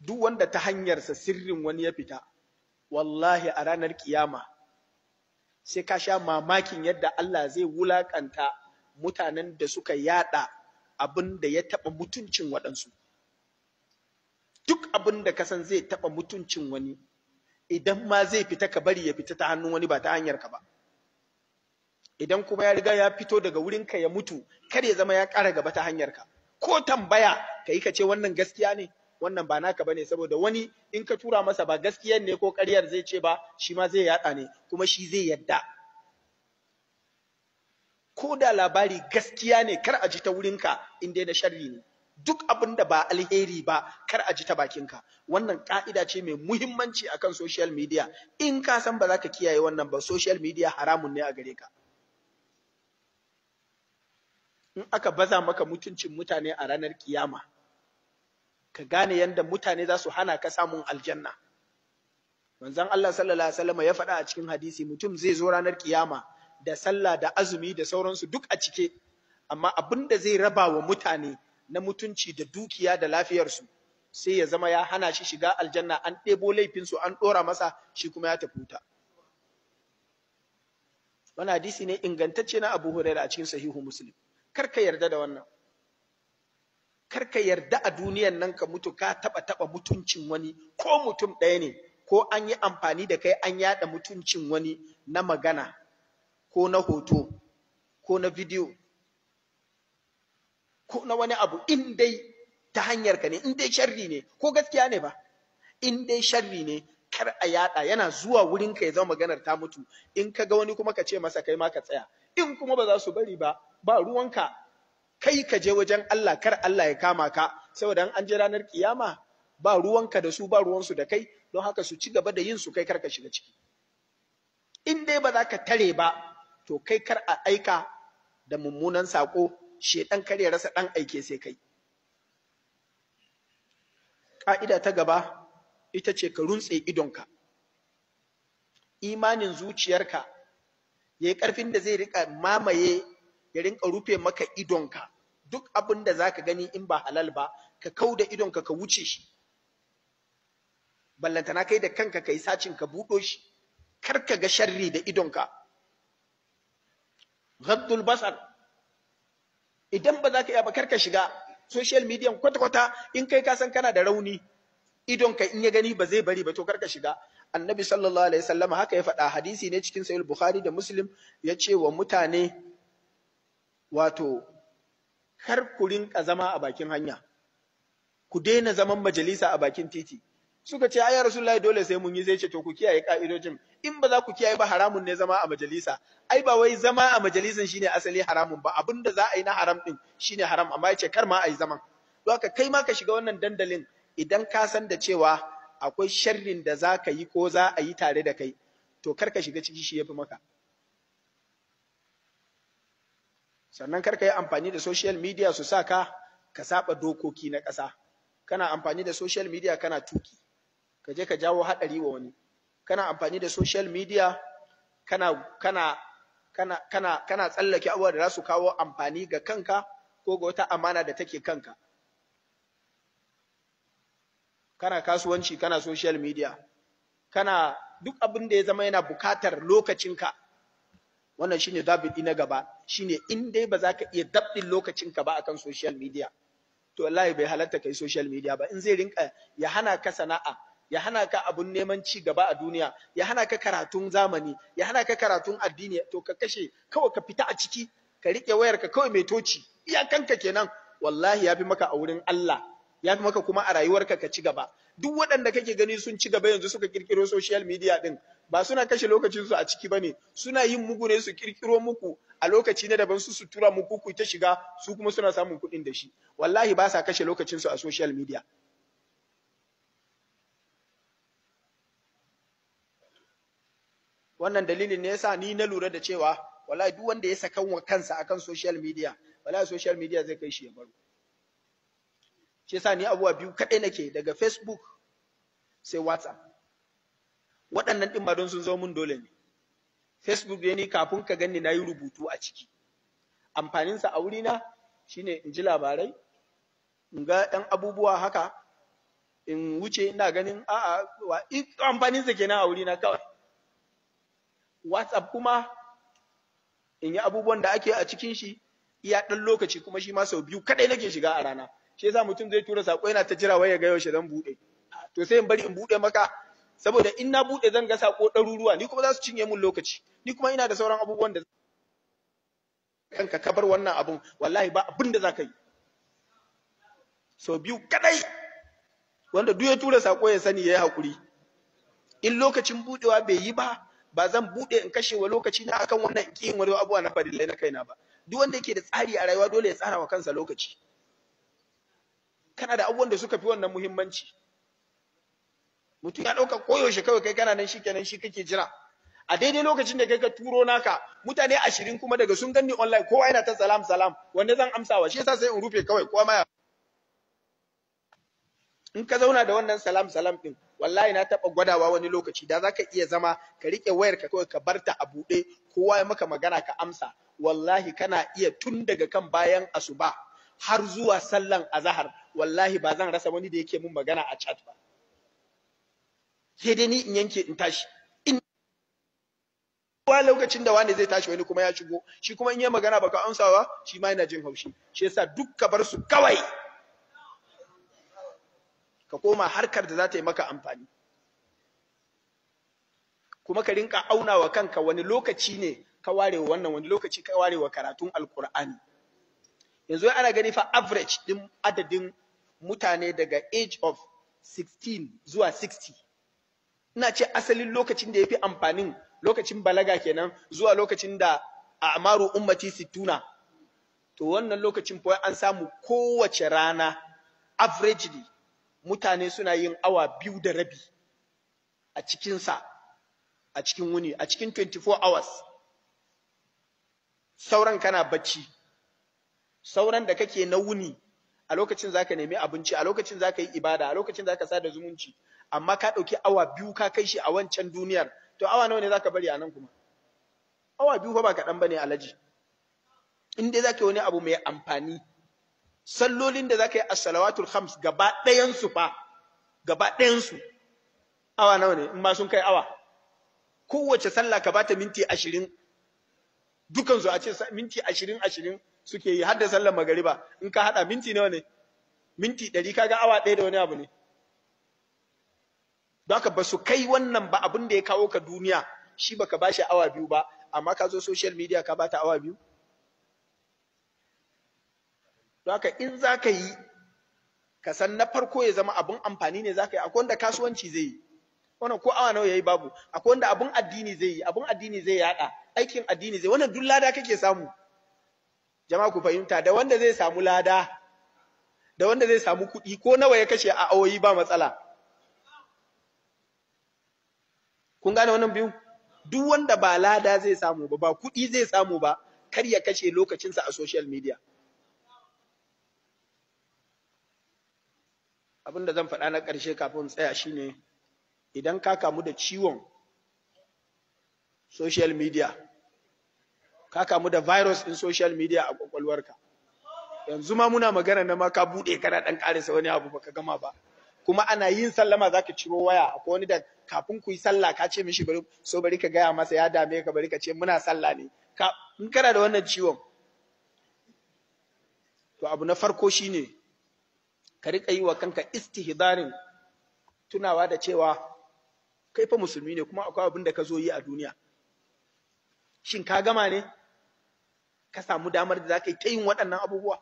duk wanda ta hanyarsa sirrin wani ya fita wallahi a ranar kiyama sai ka sha mamakin yadda Allah zai wulakanta mutanen da suka yada abin da ya taba mutuncin waɗansu duk abin da ka san zai taba mutuncin wani idan ma zai fita ka bari ya fita ta hannun wani ba ta hanyar ka ba idan kuma ya riga ya fito daga wurinka ya mutu kar ya zama ya ƙara gaba ta hanyar ka ko tambaya ka yi ka ce wannan gaskiya ne wannan ba naka bane saboda wani in ka tura masa ba gaskiyar ne ko ƙaryar zai ce ba shi ma zai yada ne kuma shi zai yadda ko da labari gaskiya ne kar a ji ta wurinka in dai na sharri ne duk abin da ba alheri ba kar a ji ta bakinka wannan ka'ida ce mai muhimmanci akan social media in ka san ba za ka kiyaye wannan ba social media haramun ne a gare ka in aka baza maka mutuncin mutane a ranar kiyama ka gane yadda mutane za su hana ka samun aljanna manzon Allah sallallahu alaihi wasallam ya faɗa a cikin hadisi mutum zai zo ranar kiyama da sallah da azumi da sauransu duk a cike amma abin da zai raba wa mutane na mutunci da dukiya da lafiyarsu sai ya zama ya hana shi shiga aljanna an ɗebo laifinsu an ɗora masa shi kuma ya tafi wuta wani hadisi ne ingantacce na abu huraira a cikin sahihu muslim kar ka yarda da wannan kar ka yarda a duniyan nan ka mutu ka taba taba mutuncin wani ko mutum ɗaya ne ko an yi amfani da kai an yada mutuncin wani na magana ko na hoto ko na bidiyo ko na wani abu in dai ta hanyar ka ne in dai sharri ne ko gaskiya ne ba in dai sharri ne kar a yada yana zuwa wurin ka ya zama maganar ta mutu in ka ga wani kuma ka ce masa kai ma ka tsaya in kuma ba za su bari ba ba ruwanka kai ka je wajen Allah kar Allah ya kama ka saboda an je ranar kiyama ba ruwanka da su ba ruwansu da kai don haka su ci gaba da yin su kai kar ka shiga ciki in dai ba za ka tare ba to kai kar a aika da mummunan sako shedan kar ya rasa dan aike sai kai ka'ida ta gaba ita ce ka runtse idonka imanin zuciyarka yayi karfin da zai rika mamaye ya rinka rufe maka idonka duk abin da zaka gani in ba halal ba ka kauda idon ka wuce shi ballantana kai da kanka yi sacin ka buɗo shi kar ka ga sharri da idonka ghaddul basar idan ba za ka iya ba kar ka shiga social media kwata-kwata in kai ka san kana da rauni idonka in ya gani ba zai bari ba to kar ka shiga annabi sallallahu alaihi wasallam haka ya faɗa hadisi ne cikin sahih bukhari da muslim ya ce wa mutane wato kar ku rinka zama a bakin hanya ku daina zaman majalisa a bakin titi suka ce ayya rasulullahi dole sai mun yi zai ce to ku kiyaye ka'idojin in ba za ku kiyaye ba haramun ne zama a majalisa ai ba wai zama a majalisan shine asali haramun ba abinda za a yi na haram din shine haram amma ya ce kar ma a yi zaman don haka kai ma ka shiga wannan dandalin idan ka san da cewa akwai sharrin da za ka yi ko za a yi tare da kai to kar ka shiga ciki shi ya fi maka sannan kar ka yi amfani da social media su sa ka ka saba dokoki na ƙasa kana amfani da social media kana tuki ka je ka jawo haɗari wa wani kana amfani da social media kana kana kana kana kana tsallake abubuwa da za su kawo amfani ga kanka ko ga wata amana da take kanka kana kasuwanci kana social media kana duk abin da ya zama yana bukatar lokacinka wannan shine zabi na gaba shine in dai ba za ka iya dabbin lokacinka ba akan social media to wallahi bai halatta kai social media ba in zai rinka ya hana ka sana'a ya hana ka abun neman ci gaba a duniya ya hana ka karatun zamani ya hana ka karatun addini to ka kashe kawai ka fita a ciki ka rike wayarka kawai mai toci iyakanka kenan wallahi ya fi maka a wurin Allah ya fi maka kuma a rayuwarka ka ci gaba duk waɗanda kake gani sun ci gaba yanzu suka kirkiro social media din ba suna kashe lokacinsu a ciki ba ne. suna yin mugu su kirkiro muku a lokaci na daban su su tura mu ku ta shiga su kuma suna samun kuɗin da shi wallahi ba sa kashe lokacinsu a social media wannan dalilin ne yasa ni na lura da cewa wallahi duk wanda ya sakan wa kansa akan social media wallahi social media zai kai shi ya baro shi yasa ni abuwa biyu kaɗai nake daga Facebook sai WhatsApp waɗannan din ba don sun zo mun dole ne facebook ne kafin ka ganni na yi rubutu a ciki amfaninsa a wurina shine in ji labarai in ga ɗan abubuwa haka in wuce ina ganin a'a wa amfaninsa kenan a wurina kawai whatsapp kuma in yi abubuwan da ake a cikin shi iya ɗan lokaci kuma shi ma sau biyu kaɗai nake shiga a rana shi yasa mutum zai tura saƙo yana ta jira wai ya ga yaushe zan buɗe to sai in bari in buɗe maka saboda in na buɗe zan ga sako ɗaruruwa ni kuma za su cinye mun lokaci ni kuma ina da sauran abubuwan da kanka ka bar wannan abun wallahi ba abin da za ka yi so biyu kadai wanda duk ya tura sako ya sani ya yi haƙuri in lokacin buɗewa bai yi ba ba zan buɗe in kashe wa lokaci na akan wannan in kiyin wani abuwa na farillai na kaina ba duk wanda yake da tsari a rayuwa dole ya tsara wa kansa lokaci kana da abubuwan da suka fi wannan muhimmanci mutum ya ɗauka koyaushe kawai kai kana nan shi kenan shi kake jira a daidai lokacin da kai ka turo naka mutane ashirin kuma daga sun ganni online kowa yana ta salam salam wanda zan amsawa shi yasa sai in rufe kawai kowa ma in ka zauna da wannan salam salam din wallahi na taɓa gwadawa wani lokaci da zaka iya zama ka rike wayar ka kawai ka barta a buɗe, kowa ya maka magana ka amsa wallahi kana iya tun daga kan bayan asuba har zuwa sallan azahar wallahi ba zan rasa wani da yake mun magana a chat ba sai dai ni in yanke in tashi in wa lokacin da wani zai tashi wani kuma ya shigo shi kuma in yi magana baka amsa ba shi ma yana jin haushi shi yasa duk ka bar su kawai ka koma harkar da za ta yi maka amfani kuma ka rinka auna wa kanka wani lokaci ne ka ware wannan wani lokaci ka ware wa karatun alkur'ani yanzu ana gani fa average din adadin mutane daga age of 16 zuwa 60 ina ce asalin lokacin da ya fi amfanin lokacin balaga kenan zuwa lokacin da a amaru ummati situna to wannan lokacin fa an samu kowace rana averagely mutane suna yin awa biyu da rabi a cikinsa a cikin wuni a cikin 24 hours sauran kana bacci sauran da kake na wuni a lokacin zaka nemi abinci a lokacin zaka yi ibada a lokacin zaka sada zumunci amma ka ɗauki awa biyu ka kai shi a wancan duniyar to awa nawa ne zaka bari a nan kuma awa biyu fa ba kaɗan a alaji in dai zaka yi wani abu mai amfani sallolin da zaka yi a salawatul khams gaba ɗayan su fa gaba ɗayan su awa nawa ne in ma sun kai awa kowace sallah ka bata minti ashirin dukansu a ce minti ashirin ashirin suke yi hadda sallar magariba in ka hada minti nawa ne minti 100 kaga awa ɗaya da wani abu ne Daka ba su kai wannan ba abin da ya kawo ka duniya shi baka shi awa biyu ba amma ka zo social media ka bata awa biyu Daka in za ka yi ka san na farko ya zama abin amfani ne za ka yi akwai wanda kasuwanci zai yi wannan ko awa nawa yayi babu akwai wanda abin addini zai yi abin addini zai yada aikin addini zai wannan duk lada kake samu jama'a ku fahimta da wanda zai samu lada da wanda zai samu kuɗi ko nawa ya kashe a awoyi ba matsala kun gane wannan biyu duk wanda ba lada zai samu ba ba kuɗi zai samu ba kar ya kashe lokacinsa a social media abin da zan faɗa na ƙarshe kafin tsaya shine idan ka kamu da ciwon social media ka kamu da virus in social media a kwakwalwarka yanzu ma muna magana na ma ka buɗe kana ɗan ƙarisa wani abu baka gama ba kuma ana yin sallama zaka ciro waya akwai wani da kafin ku yi sallah ka ce mishi bari so bari ka gaya masa ya dame ka bari ka ce muna sallah ne ka in kana da wannan ciwon to abu na farko shine ka rika yi wa kanka istihdarin tunawa da cewa kai fa musulmi ne kuma akwai abin da ka zo yi a duniya shin ka gama ne ka samu damar da za ka yi ta yin waɗannan abubuwa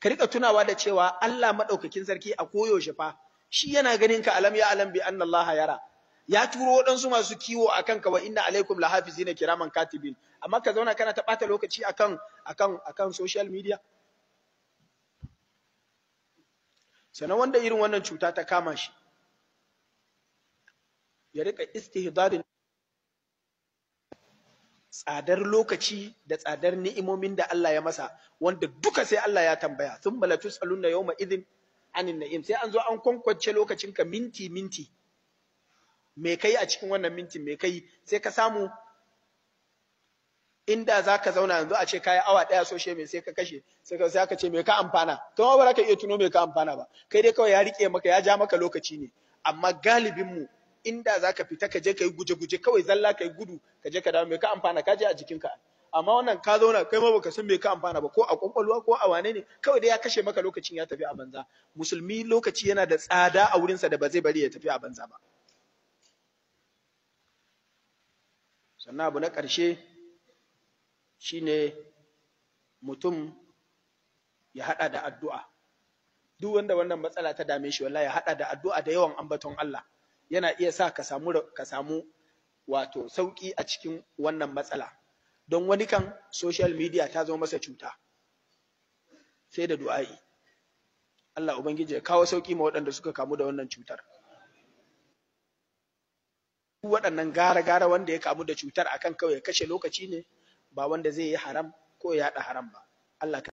ka rika tunawa da cewa Allah maɗaukakin sarki a koyaushe fa shi yana ganin ka alam ya alam bi anna Allah yara ya turo waɗansu masu kiwo akan ka wa inna alaikum na kiraman katibin amma ka zauna kana ta ɓata lokaci akan akan akan social media sannan wanda irin wannan cuta ta kama shi ya rika istihdarin tsadar lokaci da tsadar ni'imomin da Allah ya masa wanda duka sai Allah ya tambaya sun bala na yau izin anin na'im sai an zo an kwankwance lokacin ka minti minti mai kai a cikin wannan minti mai kai sai ka samu inda za ka zauna yanzu a ce kayi awa ɗaya soshe mai sai ka kashe sai ka sai ka ce me ka amfana to ma ba za ka iya tuno mai ka amfana ba kai dai kawai ya rike maka ya ja maka lokaci ne amma galibinmu. mu inda za ka fita ka je ka yi guje-guje kawai zalla ka yi gudu ka je ka dawo me ka amfana ka je a jikinka amma wannan ka zauna kai ma baka san me ka amfana ba ko a kwakwalwa ko a wane ne kawai dai ya kashe maka lokacin ya tafi a banza musulmi lokaci yana da tsada a wurinsa da ba zai bari ya tafi a banza ba sannan abu na ƙarshe shine mutum ya haɗa da addu'a duk wanda wannan matsala ta dame shi wallahi ya haɗa da addu'a da yawan ambaton Allah yana iya sa ka samu ka samu wato sauki a cikin wannan matsala don wani kan social media ta zo masa cuta sai da du'a'i Allah ubangiji ya kawo sauki ma waɗanda suka kamu da wannan cutar waɗannan gara-gara wanda ya kamu da cutar akan kawai ya kashe lokaci ne ba wanda zai yi haram ko ya haram ba Allah